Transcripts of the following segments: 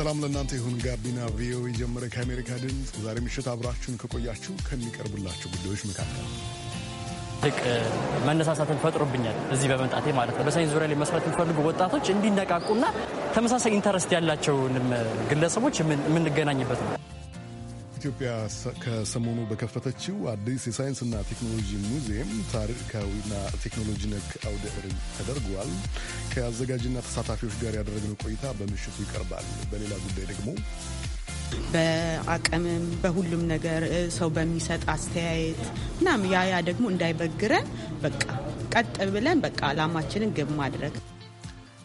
ሰላም ለእናንተ ይሁን። ጋቢና ቪኦኤ ጀመረ። ከአሜሪካ ድምፅ ዛሬ ምሽት አብራችሁን ከቆያችሁ ከሚቀርቡላችሁ ጉዳዮች መካከል ትልቅ መነሳሳትን ፈጥሮብኛል እዚህ በመምጣቴ ማለት ነው። በሳይንስ ዙሪያ ላይ መስራት የሚፈልጉ ወጣቶች እንዲነቃቁና ተመሳሳይ ኢንተረስት ያላቸውን ግለሰቦች የምንገናኝበት ነው። ኢትዮጵያ ከሰሞኑ በከፈተችው አዲስ የሳይንስና ቴክኖሎጂ ሙዚየም ታሪካዊና ቴክኖሎጂ ነክ አውደ ርዕይ ተደርጓል። ከአዘጋጅና ተሳታፊዎች ጋር ያደረግነው ቆይታ በምሽቱ ይቀርባል። በሌላ ጉዳይ ደግሞ በአቅምም በሁሉም ነገር ሰው በሚሰጥ አስተያየት ምናምን ያ ያ ደግሞ እንዳይበግረን በቃ ቀጥ ብለን በቃ አላማችንን ግብ ማድረግ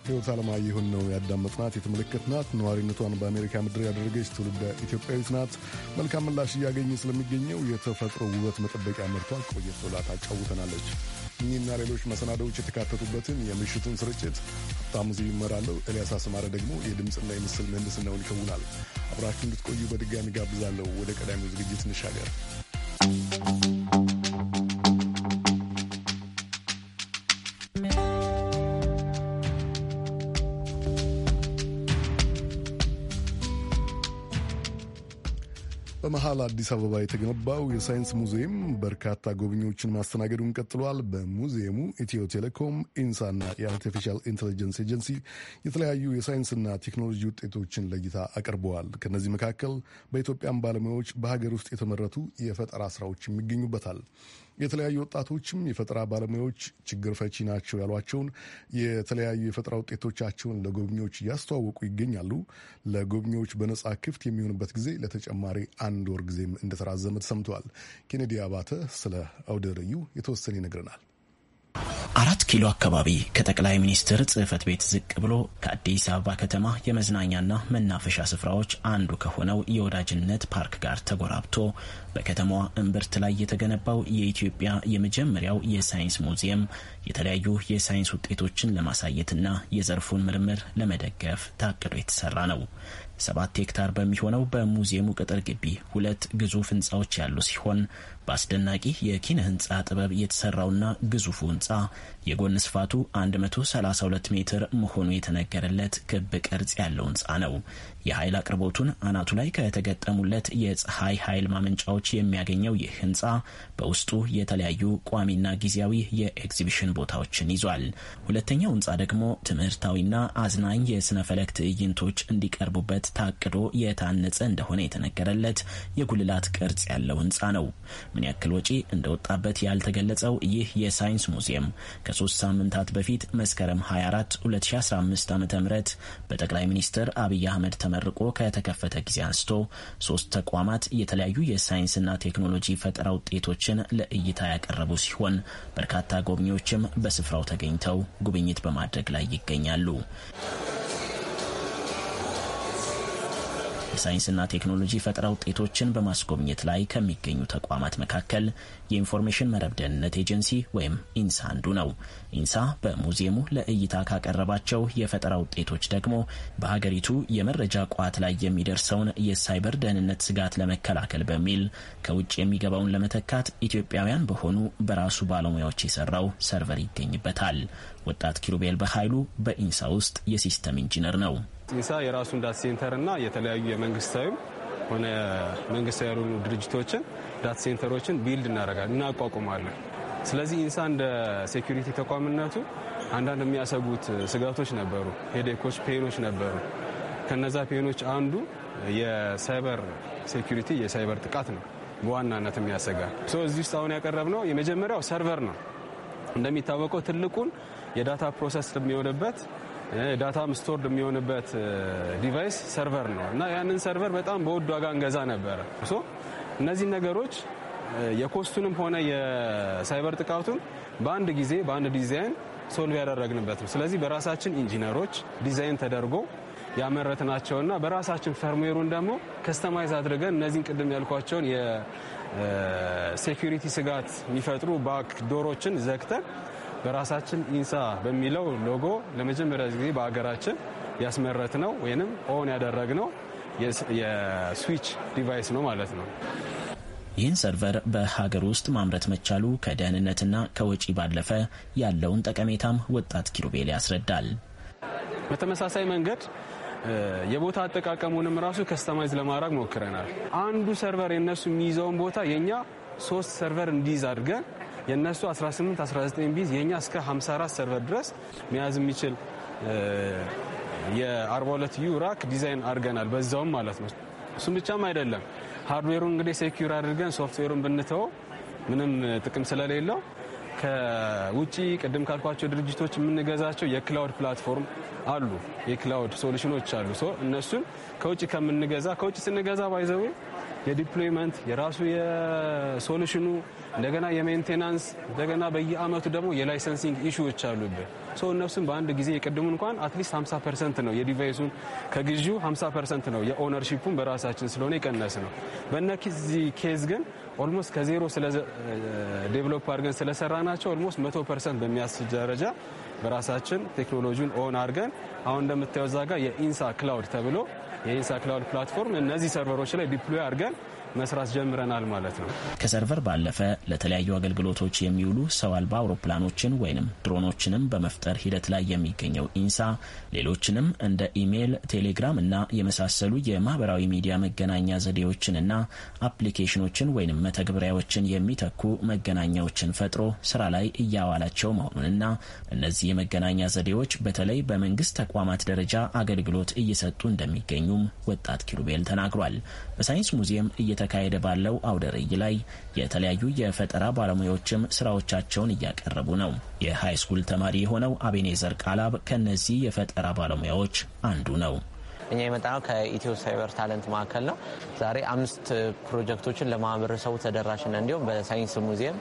ሕይወት አለማየሁን ነው ያዳመጥናት የተመለከትናት። ነዋሪነቷን በአሜሪካ ምድር ያደረገች ትውልደ ኢትዮጵያዊት ናት። መልካም ምላሽ እያገኘ ስለሚገኘው የተፈጥሮ ውበት መጠበቂያ ምርቷ ቆየት ብላ ታጫውተናለች። እኚህና ሌሎች መሰናዶዎች የተካተቱበትን የምሽቱን ስርጭት ሀብታሙ ዝይ ይመራለሁ። ኤልያስ አስማረ ደግሞ የድምፅና የምስል ምህንድስናውን ይከውናል። አብራችሁ እንድትቆዩ በድጋሚ ጋብዛለሁ። ወደ ቀዳሚው ዝግጅት እንሻገር። በመሃል አዲስ አበባ የተገነባው የሳይንስ ሙዚየም በርካታ ጎብኚዎችን ማስተናገዱን ቀጥሏል። በሙዚየሙ ኢትዮ ቴሌኮም፣ ኢንሳና የአርቲፊሻል ኢንቴሊጀንስ ኤጀንሲ የተለያዩ የሳይንስና ቴክኖሎጂ ውጤቶችን ለእይታ አቅርበዋል። ከእነዚህ መካከል በኢትዮጵያን ባለሙያዎች በሀገር ውስጥ የተመረቱ የፈጠራ ስራዎች ይገኙበታል። የተለያዩ ወጣቶችም የፈጠራ ባለሙያዎች ችግር ፈቺ ናቸው ያሏቸውን የተለያዩ የፈጠራ ውጤቶቻቸውን ለጎብኚዎች እያስተዋወቁ ይገኛሉ። ለጎብኚዎች በነጻ ክፍት የሚሆንበት ጊዜ ለተጨማሪ አንድ ወር ጊዜም እንደተራዘመ ተሰምተዋል። ኬኔዲ አባተ ስለ አውደ ርዕዩ የተወሰነ ይነግረናል። አራት ኪሎ አካባቢ ከጠቅላይ ሚኒስትር ጽህፈት ቤት ዝቅ ብሎ ከአዲስ አበባ ከተማ የመዝናኛና መናፈሻ ስፍራዎች አንዱ ከሆነው የወዳጅነት ፓርክ ጋር ተጎራብቶ በከተማዋ እምብርት ላይ የተገነባው የኢትዮጵያ የመጀመሪያው የሳይንስ ሙዚየም የተለያዩ የሳይንስ ውጤቶችን ለማሳየትና የዘርፉን ምርምር ለመደገፍ ታቅዶ የተሰራ ነው። ሰባት ሄክታር በሚሆነው በሙዚየሙ ቅጥር ግቢ ሁለት ግዙፍ ህንፃዎች ያሉ ሲሆን በአስደናቂ የኪነ ህንፃ ጥበብ የተሰራውና ግዙፉ ህንፃ የጎን ስፋቱ 132 ሜትር መሆኑ የተነገረለት ክብ ቅርጽ ያለው ህንፃ ነው። የኃይል አቅርቦቱን አናቱ ላይ ከተገጠሙለት የፀሐይ ኃይል ማመንጫዎች የሚያገኘው ይህ ህንፃ በውስጡ የተለያዩ ቋሚና ጊዜያዊ የኤግዚቢሽን ቦታዎችን ይዟል። ሁለተኛው ህንፃ ደግሞ ትምህርታዊና አዝናኝ የስነ ፈለክ ትዕይንቶች እንዲቀርቡበት ለማሳየት ታቅዶ የታነጸ እንደሆነ የተነገረለት የጉልላት ቅርጽ ያለው ህንፃ ነው። ምን ያክል ወጪ እንደወጣበት ያልተገለጸው ይህ የሳይንስ ሙዚየም ከሶስት ሳምንታት በፊት መስከረም 24 2015 ዓ ም በጠቅላይ ሚኒስትር አብይ አህመድ ተመርቆ ከተከፈተ ጊዜ አንስቶ ሶስት ተቋማት የተለያዩ የሳይንስና ቴክኖሎጂ ፈጠራ ውጤቶችን ለእይታ ያቀረቡ ሲሆን በርካታ ጎብኚዎችም በስፍራው ተገኝተው ጉብኝት በማድረግ ላይ ይገኛሉ። የሳይንስና ቴክኖሎጂ ፈጠራ ውጤቶችን በማስጎብኘት ላይ ከሚገኙ ተቋማት መካከል የኢንፎርሜሽን መረብ ደህንነት ኤጀንሲ ወይም ኢንሳ አንዱ ነው። ኢንሳ በሙዚየሙ ለእይታ ካቀረባቸው የፈጠራ ውጤቶች ደግሞ በሀገሪቱ የመረጃ ቋት ላይ የሚደርሰውን የሳይበር ደህንነት ስጋት ለመከላከል በሚል ከውጭ የሚገባውን ለመተካት ኢትዮጵያውያን በሆኑ በራሱ ባለሙያዎች የሰራው ሰርቨር ይገኝበታል። ወጣት ኪሩቤል በኃይሉ በኢንሳ ውስጥ የሲስተም ኢንጂነር ነው። ኢንሳ የራሱን ዳት ሴንተርና የተለያዩ የመንግስታዊም ሆነ መንግስታዊ ያልሆኑ ድርጅቶችን ዳት ሴንተሮችን ቢልድ እናደርጋለን እናቋቁማለን። ስለዚህ ኢንሳ እንደ ሴኩሪቲ ተቋምነቱ አንዳንድ የሚያሰጉት ስጋቶች ነበሩ፣ ሄዴኮች፣ ፔኖች ነበሩ። ከነዛ ፔኖች አንዱ የሳይበር ሴኩሪቲ የሳይበር ጥቃት ነው በዋናነት ሶ እዚህ ውስጥ አሁን ነው የመጀመሪያው ሰርቨር ነው። እንደሚታወቀው ትልቁን የዳታ ፕሮሰስ የሚሆንበት ዳታ ምስቶርድ የሚሆንበት ዲቫይስ ሰርቨር ነው እና ያንን ሰርቨር በጣም በውድ ዋጋ እንገዛ ነበረ። እነዚህ ነገሮች የኮስቱንም ሆነ የሳይበር ጥቃቱን በአንድ ጊዜ በአንድ ዲዛይን ሶልቭ ያደረግንበት ነው። ስለዚህ በራሳችን ኢንጂነሮች ዲዛይን ተደርጎ እና በራሳችን ፈርምዌሩን ደግሞ ከስተማይዝ አድርገን እነዚህን ቅድም ያልኳቸውን የሴኪሪቲ ስጋት የሚፈጥሩ ባክ ዶሮችን ዘግተን በራሳችን ኢንሳ በሚለው ሎጎ ለመጀመሪያ ጊዜ በሀገራችን ያስመረት ነው ወይም ኦን ያደረግ ነው የስዊች ዲቫይስ ነው ማለት ነው። ይህን ሰርቨር በሀገር ውስጥ ማምረት መቻሉ ከደህንነትና ከወጪ ባለፈ ያለውን ጠቀሜታም ወጣት ኪሩቤል ያስረዳል። በተመሳሳይ መንገድ የቦታ አጠቃቀሙንም ራሱ ከስተማይዝ ለማድረግ ሞክረናል። አንዱ ሰርቨር የነሱ የሚይዘውን ቦታ የእኛ ሶስት ሰርቨር እንዲይዝ አድርገን የእነሱ 18 19 ቢዝ የእኛ እስከ 54 ሰርቨር ድረስ መያዝ የሚችል የ42 ዩ ራክ ዲዛይን አድርገናል። በዛውም ማለት ነው። እሱም ብቻም አይደለም። ሃርድዌሩን እንግዲህ ሴኪር አድርገን ሶፍትዌሩን ብንተወው ምንም ጥቅም ስለሌለው ከውጭ ቅድም ካልኳቸው ድርጅቶች የምንገዛቸው የክላውድ ፕላትፎርም አሉ፣ የክላውድ ሶሉሽኖች አሉ። እነሱን ከውጭ ከምንገዛ ከውጭ ስንገዛ ባይዘዌ የዲፕሎይመንት የራሱ የሶሉሽኑ እንደገና የሜንቴናንስ እንደገና በየአመቱ ደግሞ የላይሰንሲንግ ኢሹዎች አሉብን። ሰው እነሱም በአንድ ጊዜ የቅድሙ እንኳን አትሊስት 50 ፐርሰንት ነው የዲቫይሱን ከግዢው 50 ፐርሰንት ነው የኦነርሺፑን በራሳችን ስለሆነ የቀነስ ነው። በእነዚህ ኬዝ ግን ኦልሞስት ከዜሮ ዴቨሎፕ አድርገን ስለሰራ ናቸው ኦልሞስት መቶ ፐርሰንት በሚያስችል ደረጃ በራሳችን ቴክኖሎጂውን ኦን አድርገን አሁን እንደምታየው እዛ ጋር የኢንሳ ክላውድ ተብሎ የኢንሳ ክላውድ ፕላትፎርም እነዚህ ሰርቨሮች ላይ ዲፕሎይ አድርገን መስራት ጀምረናል ማለት ነው። ከሰርቨር ባለፈ ለተለያዩ አገልግሎቶች የሚውሉ ሰው አልባ አውሮፕላኖችን ወይም ድሮኖችንም በመፍጠር ሂደት ላይ የሚገኘው ኢንሳ ሌሎችንም እንደ ኢሜይል፣ ቴሌግራም እና የመሳሰሉ የማህበራዊ ሚዲያ መገናኛ ዘዴዎችን እና አፕሊኬሽኖችን ወይም መተግበሪያዎችን የሚተኩ መገናኛዎችን ፈጥሮ ስራ ላይ እያዋላቸው መሆኑንና እነዚህ የመገናኛ ዘዴዎች በተለይ በመንግስት ተቋማት ደረጃ አገልግሎት እየሰጡ እንደሚገኙም ወጣት ኪሩቤል ተናግሯል። በሳይንስ ሙዚየም እየተ እየተካሄደ ባለው አውደ ርዕይ ላይ የተለያዩ የፈጠራ ባለሙያዎችም ስራዎቻቸውን እያቀረቡ ነው። የሃይ ስኩል ተማሪ የሆነው አቤኔዘር ቃላብ ከእነዚህ የፈጠራ ባለሙያዎች አንዱ ነው። እኛ የመጣነው ከኢትዮ ሳይበር ታለንት ማዕከል ነው። ዛሬ አምስት ፕሮጀክቶችን ለማህበረሰቡ ተደራሽና እንዲሁም በሳይንስ ሙዚየም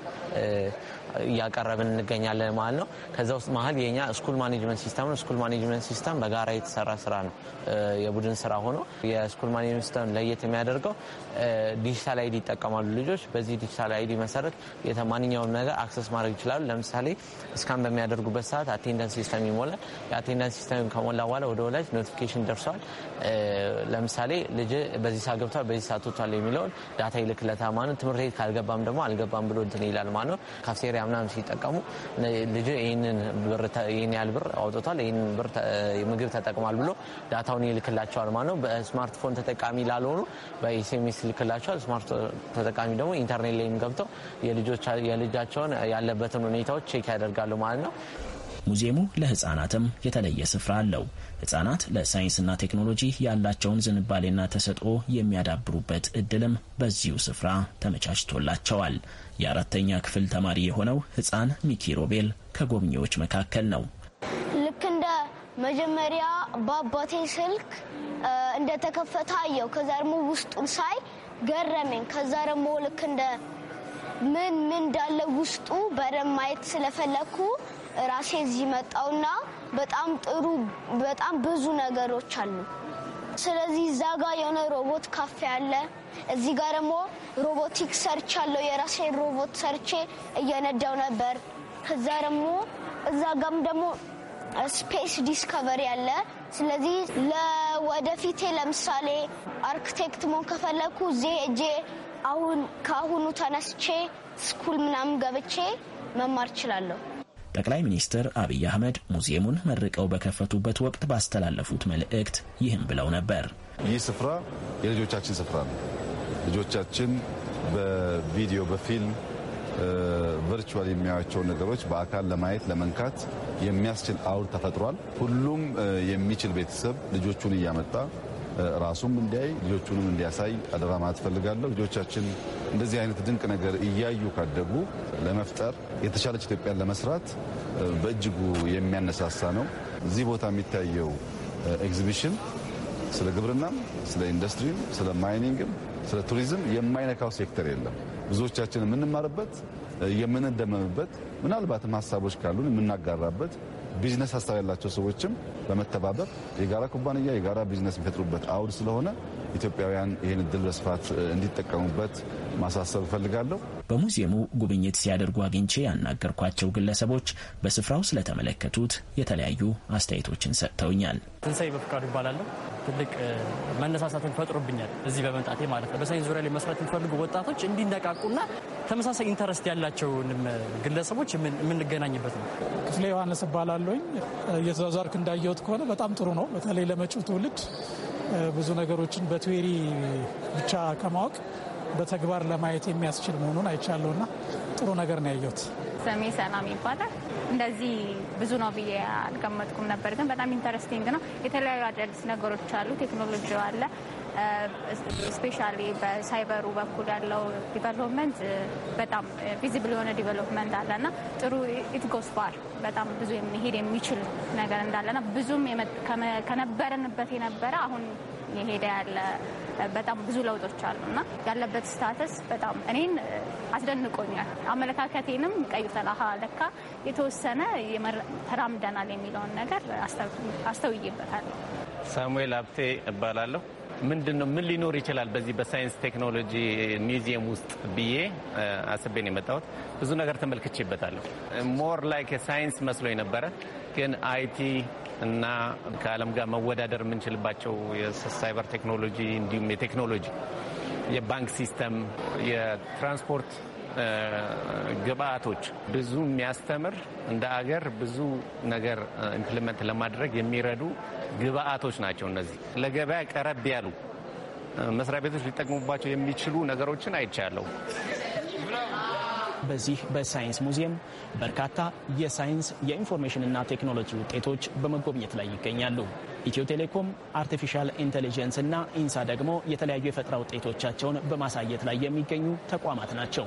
እያቀረብን እንገኛለን ማለት ነው። ከዛ ውስጥ መሀል የኛ ስኩል ማኔጅመንት ሲስተም ነው። ስኩል ማኔጅመንት ሲስተም በጋራ የተሰራ ስራ ነው፣ የቡድን ስራ ሆኖ የስኩል ማኔጅመንት ሲስተም ለየት የሚያደርገው ዲጂታል አይዲ ይጠቀማሉ ልጆች። በዚህ ዲጂታል አይዲ መሰረት ማንኛውም ነገር አክሰስ ማድረግ ይችላሉ። ለምሳሌ እስካን በሚያደርጉበት ሰዓት አቴንዳንስ ሲስተም ይሞላል። የአቴንዳንስ ሲስተም ከሞላ በኋላ ወደ ወላጅ ኖቲፊኬሽን ደርሷል። ለምሳሌ ልጅ በዚህ ሰዓት ገብቷል፣ በዚህ ሰዓት ወጥቷል የሚለውን ዳታ ይልክለታል ማለት ትምህርት ቤት ካልገባም ደግሞ አልገባም ብሎ እንትን ይላል ማለት ነው። ካፍቴሪያ ምናምን ሲጠቀሙ ልጅ ይህን ያህል ብር አውጥቷል፣ ይህን ብር ምግብ ተጠቅሟል ብሎ ዳታውን ይልክላቸዋል ማለት ነው። በስማርትፎን ተጠቃሚ ላልሆኑ በኤስኤምኤስ ይልክላቸዋል። ስማርት ተጠቃሚ ደግሞ ኢንተርኔት ላይም ገብተው የልጃቸውን ያለበትን ሁኔታዎች ቼክ ያደርጋሉ ማለት ነው። ሙዚየሙ ለህጻናትም የተለየ ስፍራ አለው። ህጻናት ለሳይንስና ቴክኖሎጂ ያላቸውን ዝንባሌና ተሰጥኦ የሚያዳብሩበት እድልም በዚሁ ስፍራ ተመቻችቶላቸዋል። የአራተኛ ክፍል ተማሪ የሆነው ህጻን ሚኪ ሮቤል ከጎብኚዎች መካከል ነው። ልክ እንደ መጀመሪያ በአባቴ ስልክ እንደተከፈተ አየው። ከዛ ደግሞ ውስጡን ሳይ ገረመኝ። ከዛ ደግሞ ልክ እንደ ምን ምን እንዳለ ውስጡ በደንብ ማየት ስለፈለግኩ ራሴ እዚህ መጣውና በጣም ጥሩ በጣም ብዙ ነገሮች አሉ። ስለዚህ እዛ ጋር የሆነ ሮቦት ካፌ አለ። እዚህ ጋር ደግሞ ሮቦቲክ ሰርች አለው። የራሴ ሮቦት ሰርቼ እየነዳው ነበር። ከዛ ደግሞ እዛ ጋም ደግሞ ስፔስ ዲስከቨሪ አለ። ስለዚህ ለወደፊቴ ለምሳሌ አርክቴክት መሆን ከፈለኩ እዜ እጄ አሁን ከአሁኑ ተነስቼ ስኩል ምናምን ገብቼ መማር እችላለሁ። ጠቅላይ ሚኒስትር አብይ አህመድ ሙዚየሙን መርቀው በከፈቱበት ወቅት ባስተላለፉት መልእክት ይህም ብለው ነበር። ይህ ስፍራ የልጆቻችን ስፍራ ነው። ልጆቻችን በቪዲዮ በፊልም ቨርቹዋል የሚያዩቸውን ነገሮች በአካል ለማየት ለመንካት የሚያስችል አውድ ተፈጥሯል። ሁሉም የሚችል ቤተሰብ ልጆቹን እያመጣ ራሱም እንዲያይ ልጆቹንም እንዲያሳይ አደራ ማለት እፈልጋለሁ። ልጆቻችን እንደዚህ አይነት ድንቅ ነገር እያዩ ካደጉ ለመፍጠር የተሻለች ኢትዮጵያን ለመስራት በእጅጉ የሚያነሳሳ ነው። እዚህ ቦታ የሚታየው ኤግዚቢሽን ስለ ግብርናም፣ ስለ ኢንዱስትሪም፣ ስለ ማይኒንግም፣ ስለ ቱሪዝም የማይነካው ሴክተር የለም። ብዙዎቻችን የምንማርበት የምንደመምበት፣ ምናልባትም ሀሳቦች ካሉን የምናጋራበት ቢዝነስ ሀሳብ ያላቸው ሰዎችም በመተባበር የጋራ ኩባንያ የጋራ ቢዝነስ የሚፈጥሩበት አውድ ስለሆነ ኢትዮጵያውያን ይህን እድል በስፋት እንዲጠቀሙበት ማሳሰብ እፈልጋለሁ። በሙዚየሙ ጉብኝት ሲያደርጉ አግኝቼ ያናገርኳቸው ግለሰቦች በስፍራው ስለተመለከቱት የተለያዩ አስተያየቶችን ሰጥተውኛል። ትንሳኤ በፍቃዱ ይባላለሁ። ትልቅ መነሳሳትን ፈጥሮብኛል እዚህ በመምጣቴ ማለት ነው። በሳይንስ ዙሪያ ላይ መስራት የሚፈልጉ ወጣቶች እንዲነቃቁና ተመሳሳይ ኢንተረስት ያላቸውንም ግለሰቦች የምንገናኝበት ነው። ክፍሌ ዮሐንስ እባላለሁ የተዛዛርክ እንዳየሁት ከሆነ በጣም ጥሩ ነው። በተለይ ለመጪው ትውልድ ብዙ ነገሮችን በትዌሪ ብቻ ከማወቅ በተግባር ለማየት የሚያስችል መሆኑን እና ጥሩ ነገር ነው ያየሁት። ስሜ ሰላም ይባላል። እንደዚህ ብዙ ነው ብዬ አልገመጥኩም ነበር፣ ግን በጣም ኢንተረስቲንግ ነው። የተለያዩ አዳዲስ ነገሮች አሉ። ቴክኖሎጂ አለ ስፔሻሊ በሳይበሩ በኩል ያለው ዲቨሎፕመንት በጣም ቪዚብል የሆነ ዲቨሎፕመንት አለና ጥሩ ኢት ጎስ ፋር በጣም ብዙ የሚሄድ የሚችል ነገር እንዳለና ብዙም ከነበረንበት የነበረ አሁን የሄደ ያለ በጣም ብዙ ለውጦች አሉ እና ያለበት ስታተስ በጣም እኔን አስደንቆኛል። አመለካከቴንም ቀዩ አሀ ለካ የተወሰነ ተራምደናል የሚለውን ነገር አስተውይበታለሁ። ሳሙኤል ሀብቴ እባላለሁ። ምንድን ነው ምን ሊኖር ይችላል በዚህ በሳይንስ ቴክኖሎጂ ሚዚየም ውስጥ ብዬ አስቤን የመጣሁት ብዙ ነገር ተመልክቼበታለሁ። ሞር ላይክ ሳይንስ መስሎ የነበረ ግን አይቲ እና ከዓለም ጋር መወዳደር የምንችልባቸው የሳይበር ቴክኖሎጂ እንዲሁም የቴክኖሎጂ የባንክ ሲስተም፣ የትራንስፖርት ግብአቶች ብዙ የሚያስተምር እንደ አገር ብዙ ነገር ኢምፕሊመንት ለማድረግ የሚረዱ ግብአቶች ናቸው። እነዚህ ለገበያ ቀረብ ያሉ መስሪያ ቤቶች ሊጠቅሙባቸው የሚችሉ ነገሮችን አይቻለሁ። በዚህ በሳይንስ ሙዚየም በርካታ የሳይንስ የኢንፎርሜሽንና ቴክኖሎጂ ውጤቶች በመጎብኘት ላይ ይገኛሉ። ኢትዮ ቴሌኮም አርቲፊሻል ኢንቴሊጀንስ እና ኢንሳ ደግሞ የተለያዩ የፈጠራ ውጤቶቻቸውን በማሳየት ላይ የሚገኙ ተቋማት ናቸው።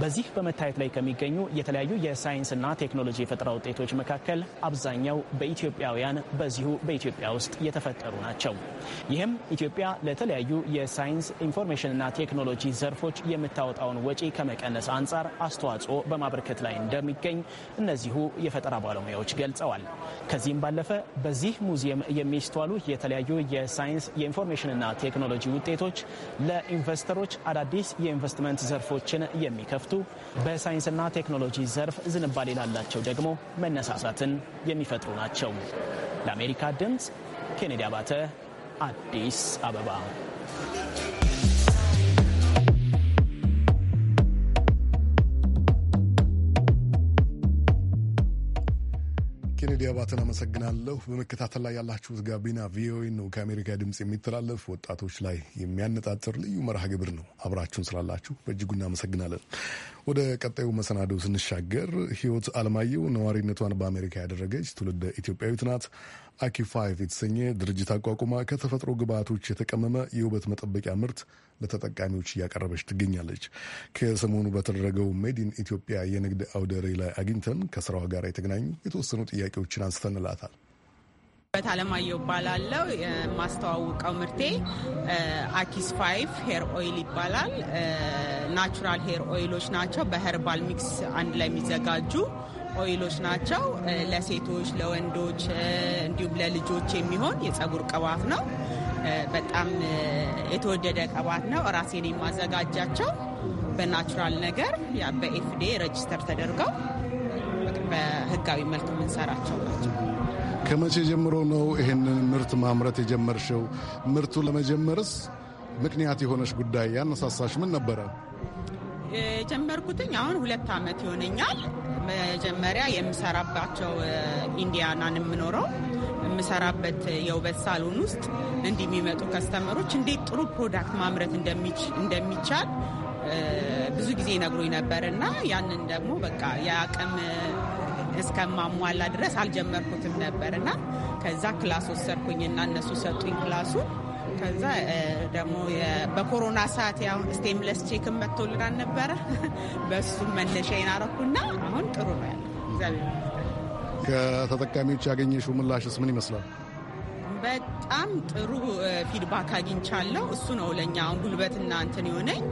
በዚህ በመታየት ላይ ከሚገኙ የተለያዩ የሳይንስና ቴክኖሎጂ የፈጠራ ውጤቶች መካከል አብዛኛው በኢትዮጵያውያን በዚሁ በኢትዮጵያ ውስጥ የተፈጠሩ ናቸው። ይህም ኢትዮጵያ ለተለያዩ የሳይንስ ኢንፎርሜሽንና ቴክኖሎጂ ዘርፎች የምታወጣውን ወጪ ከመቀነስ አንጻር አስተዋጽኦ በማበርከት ላይ እንደሚገኝ እነዚሁ የፈጠራ ባለሙያዎች ገልጸዋል። ከዚህም ባለፈ በዚህ ሙዚየም የሚስተዋሉ የተለያዩ የሳይንስ የኢንፎርሜሽንና ቴክኖሎጂ ውጤቶች ለኢንቨስተሮች አዳዲስ የኢንቨስትመንት ዘርፎችን የሚከፍቱ በሳይንስና ቴክኖሎጂ ዘርፍ ዝንባሌ ላላቸው ደግሞ መነሳሳትን የሚፈጥሩ ናቸው። ለአሜሪካ ድምፅ ኬኔዲ አባተ አዲስ አበባ ኬኔዲ አባተን አመሰግናለሁ። በመከታተል ላይ ያላችሁት ጋቢና ቪኦኤ ነው፣ ከአሜሪካ ድምፅ የሚተላለፍ ወጣቶች ላይ የሚያነጣጥር ልዩ መርሃ ግብር ነው። አብራችሁን ስላላችሁ በእጅጉ እናመሰግናለን። ወደ ቀጣዩ መሰናዶ ስንሻገር ህይወት አለማየሁ ነዋሪነቷን በአሜሪካ ያደረገች ትውልደ ኢትዮጵያዊት ናት። አኪ ፋይቭ የተሰኘ ድርጅት አቋቁማ ከተፈጥሮ ግብዓቶች የተቀመመ የውበት መጠበቂያ ምርት ለተጠቃሚዎች እያቀረበች ትገኛለች። ከሰሞኑ በተደረገው ሜዲን ኢትዮጵያ የንግድ አውደ ርዕይ ላይ አግኝተን ከስራዋ ጋር የተገናኙ የተወሰኑ ጥያቄዎችን አንስተንላታል። በት አለማየሁ ይባላለው። የማስተዋውቀው ምርቴ አኪስ ፋይቭ ሄር ኦይል ይባላል። ናቹራል ሄር ኦይሎች ናቸው። በሄርባል ሚክስ አንድ ላይ የሚዘጋጁ ኦይሎች ናቸው። ለሴቶች፣ ለወንዶች እንዲሁም ለልጆች የሚሆን የጸጉር ቅባት ነው። በጣም የተወደደ ቅባት ነው። ራሴን የማዘጋጃቸው በናቹራል ነገር በኤፍዴ ረጅስተር ተደርገው በህጋዊ መልክ የምንሰራቸው ናቸው። ከመቼ ጀምሮ ነው ይህንን ምርት ማምረት የጀመርሽው? ምርቱ ለመጀመርስ ምክንያት የሆነች ጉዳይ ያነሳሳሽ ምን ነበረ? የጀመርኩትኝ አሁን ሁለት ዓመት ይሆነኛል። መጀመሪያ የምሰራባቸው ኢንዲያናን የምኖረው የምሰራበት የውበት ሳሎን ውስጥ እንዲህ የሚመጡ ከስተመሮች እንዴት ጥሩ ፕሮዳክት ማምረት እንደሚቻል ብዙ ጊዜ ነግሮኝ ነበር እና ያንን ደግሞ በቃ የአቅም እስከማሟላ ድረስ አልጀመርኩትም ነበር እና ከዛ ክላስ እና እነሱ ሰጡኝ ክላሱ። ከዛ ደግሞ በኮሮና ሰዓት ያው ስቴምለስ ቼክን መጥቶልናል ነበረ። በሱም መነሻዬን አረኩና አሁን ጥሩ ነው ያለ እግዚአብሔር። ከተጠቃሚዎች ያገኘሽው ምላሽስ ምን ይመስላል? በጣም ጥሩ ፊድባክ አግኝቻለሁ። እሱ ነው ለእኛ አሁን ጉልበት እናንትን የሆነኝ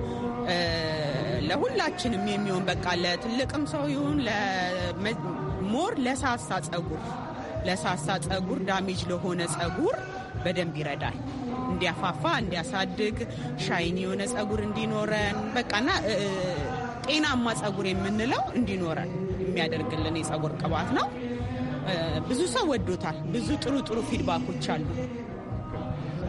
ለሁላችንም የሚሆን በቃ ለትልቅም ሰው ይሁን ሞር ለሳሳ ጸጉር ለሳሳ ጸጉር ዳሜጅ ለሆነ ጸጉር በደንብ ይረዳል። እንዲያፋፋ፣ እንዲያሳድግ፣ ሻይን የሆነ ጸጉር እንዲኖረን በቃና ጤናማ ጸጉር የምንለው እንዲኖረን የሚያደርግልን የጸጉር ቅባት ነው። ብዙ ሰው ወዶታል። ብዙ ጥሩ ጥሩ ፊድባኮች አሉ።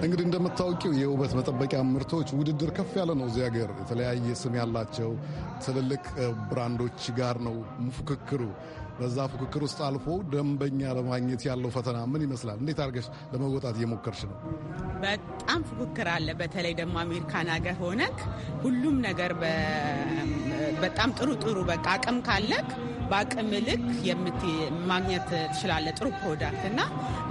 እንግዲህ እንደምታወቂው የውበት መጠበቂያ ምርቶች ውድድር ከፍ ያለ ነው። እዚህ ሀገር የተለያየ ስም ያላቸው ትልልቅ ብራንዶች ጋር ነው ፉክክሩ። በዛ ፉክክር ውስጥ አልፎ ደንበኛ ለማግኘት ያለው ፈተና ምን ይመስላል? እንዴት አድርገሽ ለመወጣት እየሞከርሽ ነው? በጣም ፉክክር አለ። በተለይ ደግሞ አሜሪካን ሀገር ሆነክ ሁሉም ነገር በጣም ጥሩ ጥሩ በቃ አቅም ካለክ በአቅም ልክ ማግኘት ትችላለ ጥሩ ፕሮዳክት እና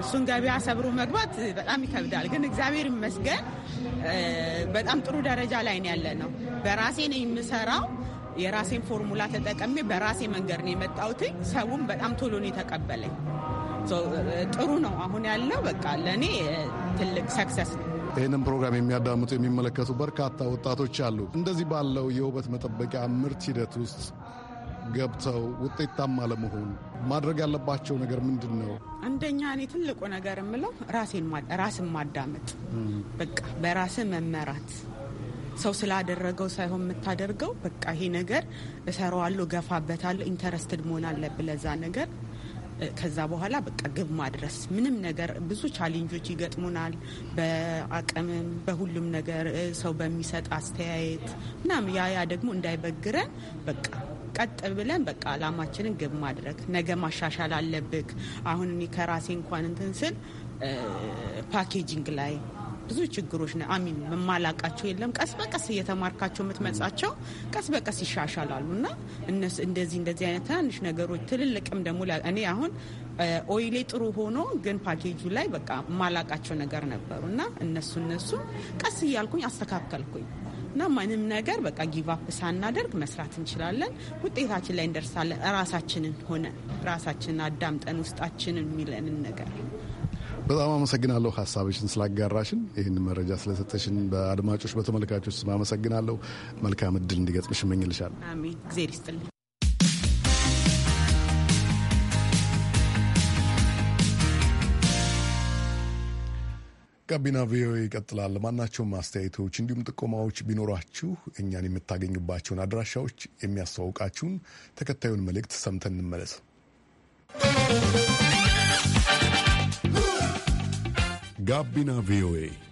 እሱን ገበያ ሰብሮ መግባት በጣም ይከብዳል። ግን እግዚአብሔር ይመስገን በጣም ጥሩ ደረጃ ላይ ነው ያለ ነው። በራሴ ነው የምሰራው። የራሴን ፎርሙላ ተጠቀሜ በራሴ መንገድ ነው የመጣውትኝ ሰውም በጣም ቶሎ ነው የተቀበለኝ። ጥሩ ነው አሁን ያለው በቃ ለእኔ ትልቅ ሰክሰስ ነው። ይህንን ፕሮግራም የሚያዳምጡ የሚመለከቱ በርካታ ወጣቶች አሉ። እንደዚህ ባለው የውበት መጠበቂያ ምርት ሂደት ውስጥ ገብተው ውጤታማ ለመሆን ማድረግ ያለባቸው ነገር ምንድን ነው? አንደኛ እኔ ትልቁ ነገር የምለው ራስን ማዳመጥ፣ በቃ በራስ መመራት ሰው ስላደረገው ሳይሆን የምታደርገው በቃ ይሄ ነገር እሰራዋለሁ፣ ገፋበታለሁ፣ ኢንተረስትድ መሆን አለብ ለዛ ነገር። ከዛ በኋላ በቃ ግብ ማድረስ። ምንም ነገር ብዙ ቻሌንጆች ይገጥሙናል፣ በአቅምም በሁሉም ነገር ሰው በሚሰጥ አስተያየት ምናምን። ያ ያ ደግሞ እንዳይበግረን በቃ ቀጥ ብለን በቃ አላማችንን ግብ ማድረግ ነገ ማሻሻል አለብክ። አሁን እኔ ከራሴ እንኳን እንትን ስል ፓኬጂንግ ላይ ብዙ ችግሮች ነ አሚን የማላቃቸው የለም። ቀስ በቀስ እየተማርካቸው የምትመጻቸው ቀስ በቀስ ይሻሻላሉ እና እነሱ እንደዚህ እንደዚህ አይነት ትናንሽ ነገሮች ትልልቅም ደግሞ እኔ አሁን ኦይሌ ጥሩ ሆኖ ግን ፓኬጁ ላይ በቃ የማላቃቸው ነገር ነበሩ እና እነሱ እነሱ ቀስ እያልኩኝ አስተካከልኩኝ። እና ምንም ነገር በቃ ጊቫፕ ሳናደርግ መስራት እንችላለን። ውጤታችን ላይ እንደርሳለን። ራሳችንን ሆነ ራሳችንን አዳምጠን ውስጣችንን የሚለንን ነገር በጣም አመሰግናለሁ ሀሳብሽን ስላጋራሽን፣ ይህን መረጃ ስለሰጠሽን በአድማጮች በተመልካቾች ስም አመሰግናለሁ። መልካም እድል እንዲገጥምሽ እመኝልሻለሁ። አሜን። እግዜር ይስጥልኝ። ጋቢና ቪኦኤ ይቀጥላል። ማናቸውም አስተያየቶች እንዲሁም ጥቆማዎች ቢኖሯችሁ እኛን የምታገኙባቸውን አድራሻዎች የሚያስተዋውቃችሁን ተከታዩን መልእክት ሰምተን እንመለስ። ጋቢና ቪኦኤ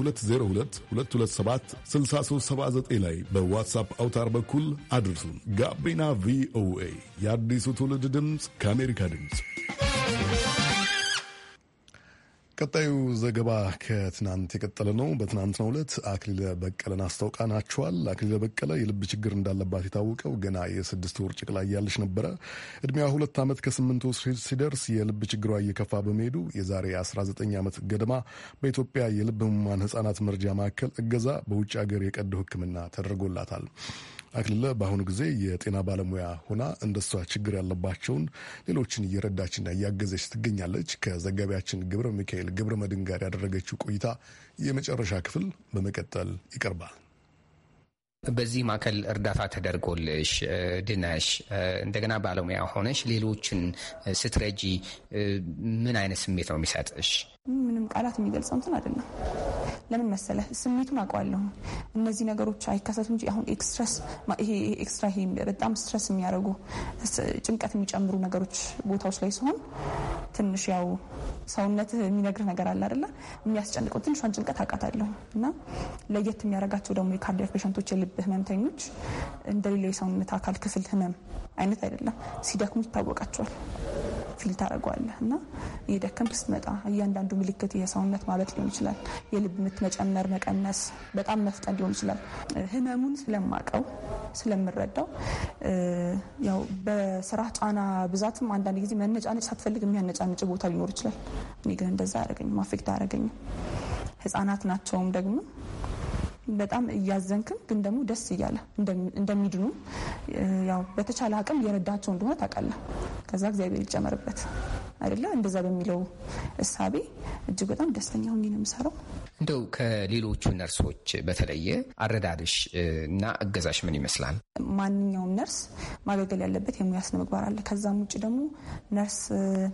202 ላይ በዋትሳፕ አውታር በኩል አድርሱን። ጋቢና ቪኦኤ የአዲሱ ትውልድ ድምፅ ከአሜሪካ ድምፅ ቀጣዩ ዘገባ ከትናንት የቀጠለ ነው። በትናንትናው ዕለት አክሊለ በቀለን አስታውቃናችኋል። አክሊለ በቀለ የልብ ችግር እንዳለባት የታወቀው ገና የስድስት ወር ላይ ያለች ነበረ። ዕድሜዋ ሁለት ዓመት ከስምንት ወር ሲደርስ የልብ ችግሯ እየከፋ በመሄዱ የዛሬ 19 ዓመት ገደማ በኢትዮጵያ የልብ ህሙማን ህጻናት መርጃ ማዕከል እገዛ በውጭ ሀገር የቀዶ ሕክምና ተደርጎላታል። አክልለ በአሁኑ ጊዜ የጤና ባለሙያ ሆና እንደሷ ችግር ያለባቸውን ሌሎችን እየረዳችና እያገዘች ትገኛለች። ከዘጋቢያችን ግብረ ሚካኤል ግብረ መድን ጋር ያደረገችው ቆይታ የመጨረሻ ክፍል በመቀጠል ይቀርባል። በዚህ ማዕከል እርዳታ ተደርጎልሽ ድነሽ እንደገና ባለሙያ ሆነሽ ሌሎችን ስትረጂ ምን አይነት ስሜት ነው የሚሰጥሽ? ምንም ቃላት የሚገልጸው እንትን አይደለም። ለምን መሰለህ ስሜቱን አውቀዋለሁ። እነዚህ ነገሮች አይከሰቱ እንጂ አሁን ኤክስትረስ ይሄ ኤክስትራ ይሄ በጣም ስትረስ የሚያደርጉ ጭንቀት የሚጨምሩ ነገሮች ቦታዎች ላይ ሲሆን ትንሽ ያው ሰውነት የሚነግርህ ነገር አለ አይደለ? የሚያስጨንቀው ትንሿን ጭንቀት አውቃታለሁ። እና ለየት የሚያደርጋቸው ደግሞ የካርዲያክ ፔሽንቶች የልብ ህመምተኞች እንደሌላው የሰውነት አካል ክፍል ህመም አይነት አይደለም። ሲደክሙ ይታወቃቸዋል፣ ፊል ታደርገዋለህ እና እየደከምክ ስትመጣ እያንዳንዱ ምልክት የሰውነት ማበጥ ሊሆን ይችላል፣ የልብ ምት መጨመር፣ መቀነስ፣ በጣም መፍጠን ሊሆን ይችላል። ህመሙን ስለማቀው ስለምረዳው፣ ያው በስራ ጫና ብዛትም አንዳንድ ጊዜ መነጫነጭ ሳትፈልግ የሚያነጫነጭ ቦታ ሊኖር ይችላል። እኔ ግን እንደዛ አያደርገኝም፣ አፌክት አያደርገኝም። ህጻናት ናቸውም ደግሞ በጣም እያዘንክም ግን ደግሞ ደስ እያለ እንደሚድኑ ያው በተቻለ አቅም የረዳቸው እንደሆነ ታውቃለህ። ከዛ እግዚአብሔር ይጨመርበት አይደለ? እንደዛ በሚለው እሳቤ እጅግ በጣም ደስተኛ ሆኜ ነው የምሰራው። እንደው ከሌሎቹ ነርሶች በተለየ አረዳድሽ እና እገዛሽ ምን ይመስላል? ማንኛውም ነርስ ማገልገል ያለበት የሙያ ስነ ምግባር አለ። ከዛም ውጭ ደግሞ ነርስ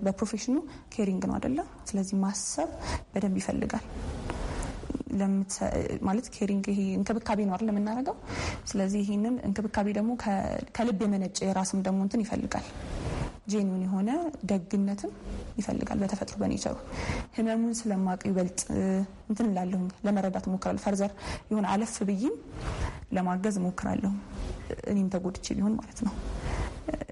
በፕሮፌሽኑ ኬሪንግ ነው አይደለም። ስለዚህ ማሰብ በደንብ ይፈልጋል። ማለት ኬሪንግ ይሄ እንክብካቤ ነው አይደል የምናደርገው። ስለዚህ ይህንን እንክብካቤ ደግሞ ከልብ የመነጨ የራስም ደግሞ እንትን ይፈልጋል ጄኒውን የሆነ ደግነትም ይፈልጋል። በተፈጥሮ በኔቸሩ ህመሙን ስለማቅ ይበልጥ እንትን ላለሁ ለመረዳት እሞክራለሁ። ፈርዘር የሆነ አለፍ ብይም ለማገዝ እሞክራለሁ እኔም ተጎድቼ ቢሆን ማለት ነው።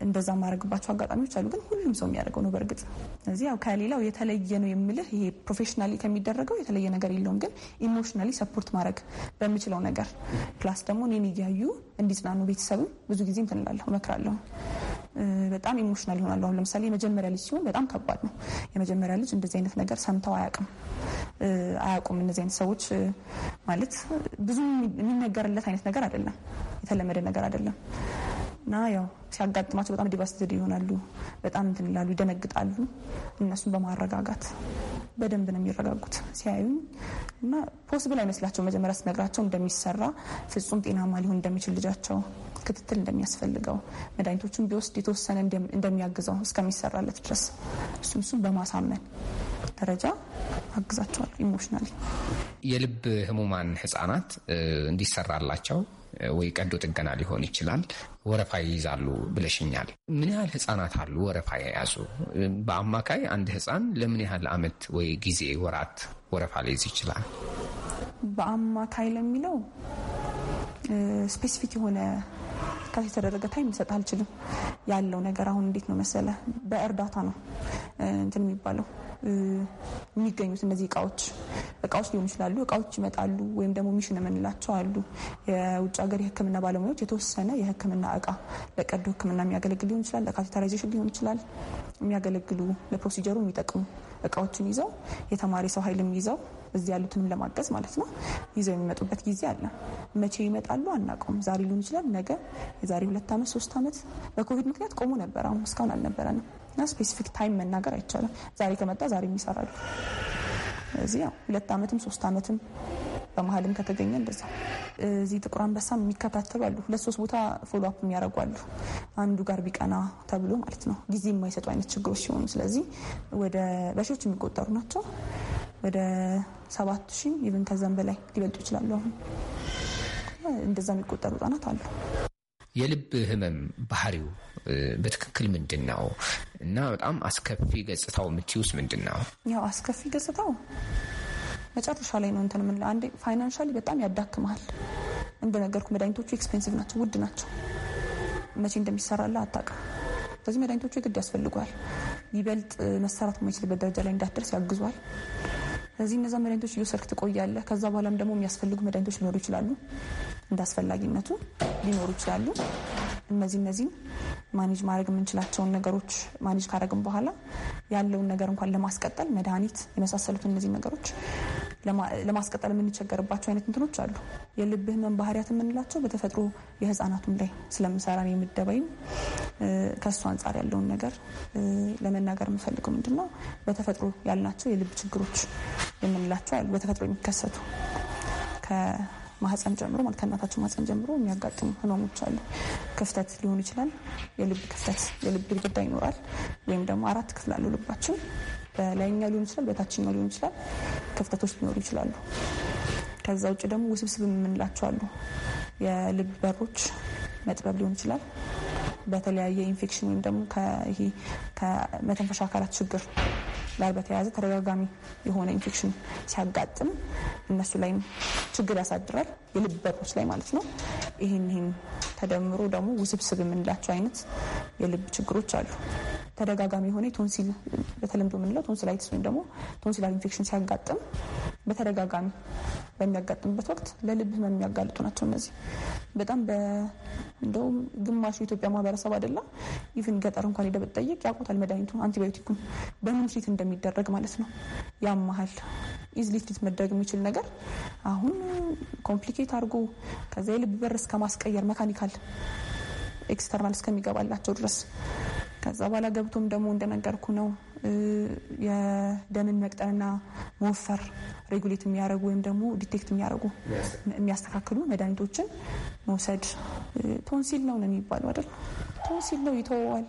እንደዛ ማድረግባቸው አጋጣሚዎች አሉ። ግን ሁሉም ሰው የሚያደርገው ነው በእርግጥ። ስለዚህ ያው ከሌላው የተለየ ነው የምልህ ይሄ ፕሮፌሽናሊ ከሚደረገው የተለየ ነገር የለውም። ግን ኢሞሽናሊ ሰፖርት ማድረግ በምችለው ነገር ፕላስ ደግሞ እኔን እያዩ እንዲጽናኑ ቤተሰብም ብዙ ጊዜ እንትን እላለሁ እመክራለሁ። በጣም ኢሞሽናል ይሆናሉ። አሁን ለምሳሌ የመጀመሪያ ልጅ ሲሆን በጣም ከባድ ነው። የመጀመሪያ ልጅ እንደዚህ አይነት ነገር ሰምተው አያውቅም አያውቁም። እነዚህ አይነት ሰዎች ማለት ብዙ የሚነገርለት አይነት ነገር አይደለም፣ የተለመደ ነገር አይደለም። እና ያው ሲያጋጥማቸው በጣም ዲቫስትድ ይሆናሉ። በጣም እንትን ይላሉ፣ ይደነግጣሉ። እነሱን በማረጋጋት በደንብ ነው የሚረጋጉት ሲያዩኝ እና ፖስብል አይመስላቸው መጀመሪያ ስነግራቸው እንደሚሰራ ፍጹም ጤናማ ሊሆን እንደሚችል ልጃቸው ክትትል እንደሚያስፈልገው መድኃኒቶችን ቢወስድ የተወሰነ እንደሚያግዘው እስከሚሰራለት ድረስ እሱም እሱም በማሳመን ደረጃ አግዛቸዋል። ኢሞሽናል የልብ ህሙማን ህጻናት እንዲሰራላቸው ወይ ቀዶ ጥገና ሊሆን ይችላል ወረፋ ይይዛሉ ብለሽኛል። ምን ያህል ህጻናት አሉ ወረፋ የያዙ? በአማካይ አንድ ህጻን ለምን ያህል አመት ወይ ጊዜ ወራት ወረፋ ሊይዝ ይችላል? በአማካይ ለሚለው ስፔሲፊክ የሆነ ካስ የተደረገ ታይም ልሰጥ አልችልም። ያለው ነገር አሁን እንዴት ነው መሰለ፣ በእርዳታ ነው እንትን የሚባለው የሚገኙት እነዚህ እቃዎች እቃዎች ሊሆኑ ይችላሉ። እቃዎች ይመጣሉ ወይም ደግሞ ሚሽን የምንላቸው አሉ። የውጭ ሀገር የሕክምና ባለሙያዎች የተወሰነ የሕክምና እቃ ለቀዶ ሕክምና የሚያገለግል ሊሆን ይችላል፣ ለካቴተራይዜሽን ሊሆን ይችላል፣ የሚያገለግሉ ለፕሮሲጀሩ የሚጠቅሙ እቃዎችን ይዘው የተማሪ ሰው ኃይልም ይዘው እዚህ ያሉትንም ለማገዝ ማለት ነው ይዘው የሚመጡበት ጊዜ አለ። መቼ ይመጣሉ አናውቀውም። ዛሬ ሊሆን ይችላል፣ ነገ፣ የዛሬ ሁለት ዓመት ሶስት ዓመት በኮቪድ ምክንያት ቆሞ ነበር። አሁን እስካሁን አልነበረንም። እና ስፔሲፊክ ታይም መናገር አይቻልም። ዛሬ ከመጣ ዛሬ የሚሰራሉ። ስለዚህ ያው ሁለት ዓመትም ሶስት አመትም በመሀልም ከተገኘ እንደዛ እዚህ ጥቁር አንበሳ የሚከታተሉ አሉ። ሁለት ሶስት ቦታ ፎሎ አፕ የሚያደርጉ አሉ። አንዱ ጋር ቢቀና ተብሎ ማለት ነው። ጊዜ የማይሰጡ አይነት ችግሮች ሲሆኑ ስለዚህ ወደ በሺዎች የሚቆጠሩ ናቸው። ወደ ሰባት ሺህ ይብን ከዛም በላይ ሊበልጡ ይችላሉ። አሁን እንደዛ የሚቆጠሩ ህጻናት አሉ። የልብ ህመም ባህሪው በትክክል ምንድን ነው እና በጣም አስከፊ ገጽታው የምትይውስ ምንድን ነው? ያው አስከፊ ገጽታው መጨረሻ ላይ ነው እንትን ምን አንዴ ፋይናንሻሊ በጣም ያዳክመሃል። እንደነገርኩ መድኃኒቶቹ ኤክስፔንሲቭ ናቸው፣ ውድ ናቸው። መቼ እንደሚሰራላ አታውቅም። ስለዚህ መድኃኒቶቹ የግድ ያስፈልጓል። ይበልጥ መሰራት የማይችልበት ደረጃ ላይ እንዳትደርስ ያግዟል። ስለዚህ እነዚ መድኃኒቶች እየወሰድክ ትቆያለህ። ከዛ በኋላም ደግሞ የሚያስፈልጉ መድኃኒቶች ሊኖሩ ይችላሉ፣ እንደ አስፈላጊነቱ ሊኖሩ ይችላሉ። እነዚህ እነዚህም ማኔጅ ማድረግ የምንችላቸውን ነገሮች ማኔጅ ካደረግን በኋላ ያለውን ነገር እንኳን ለማስቀጠል መድኃኒት የመሳሰሉት እነዚህ ነገሮች ለማስቀጠል የምንቸገርባቸው አይነት እንትኖች አሉ። የልብ ህመም ባህሪያት የምንላቸው በተፈጥሮ የህፃናቱም ላይ ስለምሰራ ነው የምደባይም ከእሱ አንጻር ያለውን ነገር ለመናገር የምፈልገው ምንድን ነው፣ በተፈጥሮ ያልናቸው የልብ ችግሮች የምንላቸው አሉ። በተፈጥሮ የሚከሰቱ ማህፀን ጀምሮ ማለት ከእናታችን ማህፀን ጀምሮ የሚያጋጥሙ ህመሞች አሉ። ክፍተት ሊሆን ይችላል። የልብ ክፍተት፣ የልብ ግድግዳ ይኖራል። ወይም ደግሞ አራት ክፍል አለው ልባችን። በላይኛው ሊሆን ይችላል፣ በታችኛው ሊሆን ይችላል። ክፍተቶች ሊኖሩ ይችላሉ። ከዛ ውጭ ደግሞ ውስብስብ የምንላቸው አሉ። የልብ በሮች መጥበብ ሊሆን ይችላል። በተለያየ ኢንፌክሽን ወይም ደግሞ ከመተንፈሻ አካላት ችግር ጋር በተያያዘ ተደጋጋሚ የሆነ ኢንፌክሽን ሲያጋጥም እነሱ ላይም ችግር ያሳድራል። የልብ በሮች ላይ ማለት ነው። ይህን ይህን ተደምሮ ደግሞ ውስብስብ የምንላቸው አይነት የልብ ችግሮች አሉ። ተደጋጋሚ የሆነ ቶንሲል በተለምዶ የምንለው ቶንሲላይትስ ወይም ደግሞ ቶንሲላል ኢንፌክሽን ሲያጋጥም በተደጋጋሚ በሚያጋጥምበት ወቅት ለልብ ህመም የሚያጋልጡ ናቸው። እነዚህ በጣም እንደውም ግማሹ የኢትዮጵያ ማህበረሰብ አይደላ ኢቭን ገጠር እንኳን ሄደህ ብትጠይቅ ያውቁታል መድኃኒቱ አንቲባዮቲኩን በምን ትሪት እንደሚደረግ ማለት ነው። ያመሃል ኢዝሊ ትሪት መደረግ የሚችል ነገር አሁን ኮምፕሊኬት አድርጎ ከዛ የልብ በር እስከ ማስቀየር መካኒካል ኤክስተርናል እስከሚገባላቸው ድረስ ከዛ በኋላ ገብቶም ደግሞ እንደነገርኩ ነው የደምን መቅጠንና መወፈር ሬጉሌት የሚያደርጉ ወይም ደግሞ ዲቴክት የሚያደርጉ የሚያስተካክሉ መድኃኒቶችን መውሰድ። ቶንሲል ነው ነው የሚባለው አይደል? ቶንሲል ነው ይተወዋል።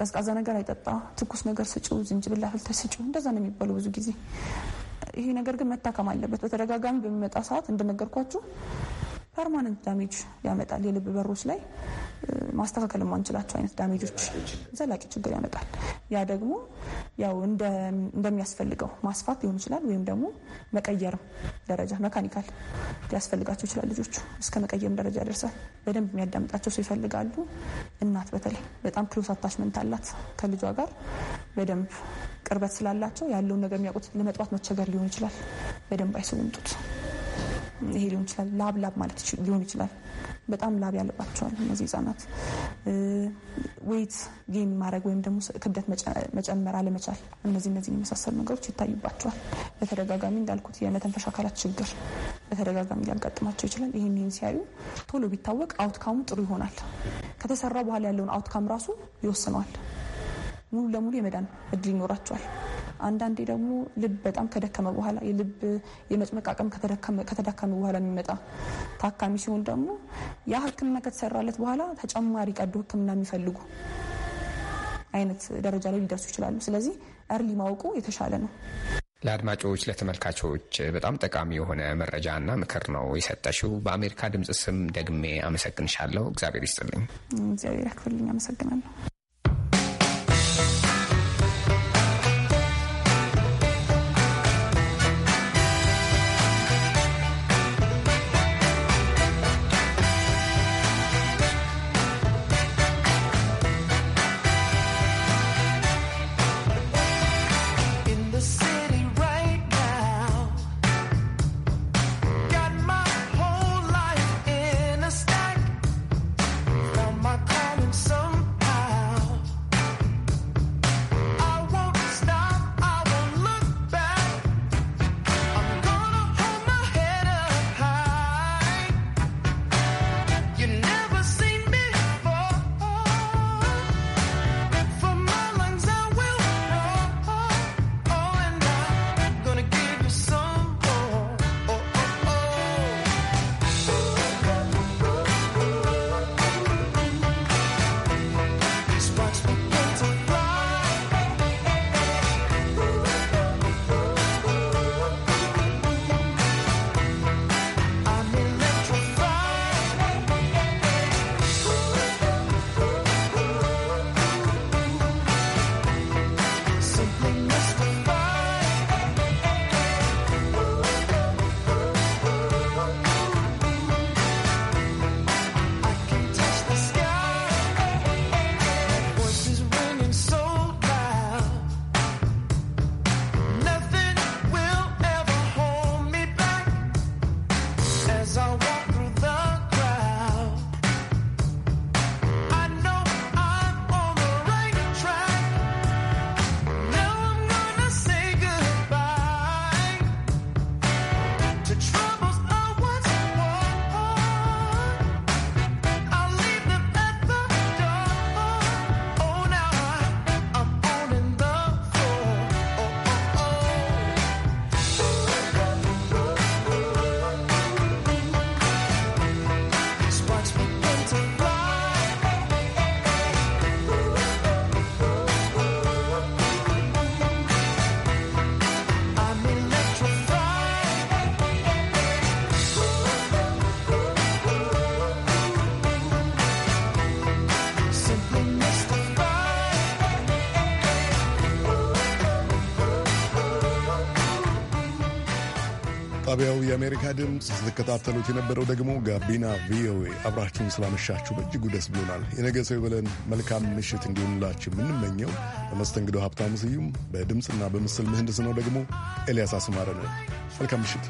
ቀዝቃዛ ነገር አይጠጣ፣ ትኩስ ነገር ስጭው ዝንጅብል አፍልተሽ ስጪው፣ እንደዛ ነው የሚባለው ብዙ ጊዜ። ይሄ ነገር ግን መታከም አለበት። በተደጋጋሚ በሚመጣ ሰዓት እንደነገርኳችሁ ፐርማነንት ዳሜጅ ያመጣል። የልብ በሮች ላይ ማስተካከል የማንችላቸው አይነት ዳሜጆች ዘላቂ ችግር ያመጣል። ያ ደግሞ ያው እንደሚያስፈልገው ማስፋት ሊሆን ይችላል፣ ወይም ደግሞ መቀየርም ደረጃ መካኒካል ሊያስፈልጋቸው ይችላል። ልጆቹ እስከ መቀየርም ደረጃ ያደርሳል። በደንብ የሚያዳምጣቸው ሰው ይፈልጋሉ። እናት በተለይ በጣም ክሎስ አታችመንት አላት ከልጇ ጋር በደንብ ቅርበት ስላላቸው ያለውን ነገር የሚያውቁት ለመጥባት መቸገር ሊሆን ይችላል። በደንብ አይሰውምጡት ይሄ ሊሆን ይችላል። ላብ ላብ ማለት ሊሆን ይችላል። በጣም ላብ ያለባቸዋል እነዚህ ህጻናት። ዌይት ጌም ማድረግ ወይም ደግሞ ክብደት መጨመር አለመቻል፣ እነዚህ እነዚህ የመሳሰሉ ነገሮች ይታዩባቸዋል። በተደጋጋሚ እንዳልኩት የመተንፈሻ አካላት ችግር በተደጋጋሚ ሊያጋጥማቸው ይችላል። ይህን ይህን ሲያዩ ቶሎ ቢታወቅ አውትካሙ ጥሩ ይሆናል። ከተሰራ በኋላ ያለውን አውትካም ራሱ ይወስነዋል። ሙሉ ለሙሉ የመዳን እድል ይኖራቸዋል። አንዳንዴ ደግሞ ልብ በጣም ከደከመ በኋላ የልብ የመጭመቅ አቅም ከተዳከመ በኋላ የሚመጣ ታካሚ ሲሆን ደግሞ ያ ሕክምና ከተሰራለት በኋላ ተጨማሪ ቀዶ ሕክምና የሚፈልጉ አይነት ደረጃ ላይ ሊደርሱ ይችላሉ። ስለዚህ እርሊ ማወቁ የተሻለ ነው። ለአድማጮች ለተመልካቾች በጣም ጠቃሚ የሆነ መረጃና ምክር ነው የሰጠሽው። በአሜሪካ ድምፅ ስም ደግሜ አመሰግንሻለሁ። እግዚአብሔር ይስጥልኝ። እግዚአብሔር ያክፍልኝ። አመሰግናለሁ። ጣቢያው የአሜሪካ ድምፅ ስትከታተሉት የነበረው ደግሞ ጋቢና ቪኦኤ። አብራችሁን ስላመሻችሁ በእጅጉ ደስ ብሎናል። የነገ ሰው ይበለን። መልካም ምሽት እንዲሆንላችሁ የምንመኘው በመስተንግዶ ሀብታሙ ስዩም፣ በድምፅና በምስል ምህንድስ ነው ደግሞ ኤልያስ አስማረ ነው። መልካም ምሽት።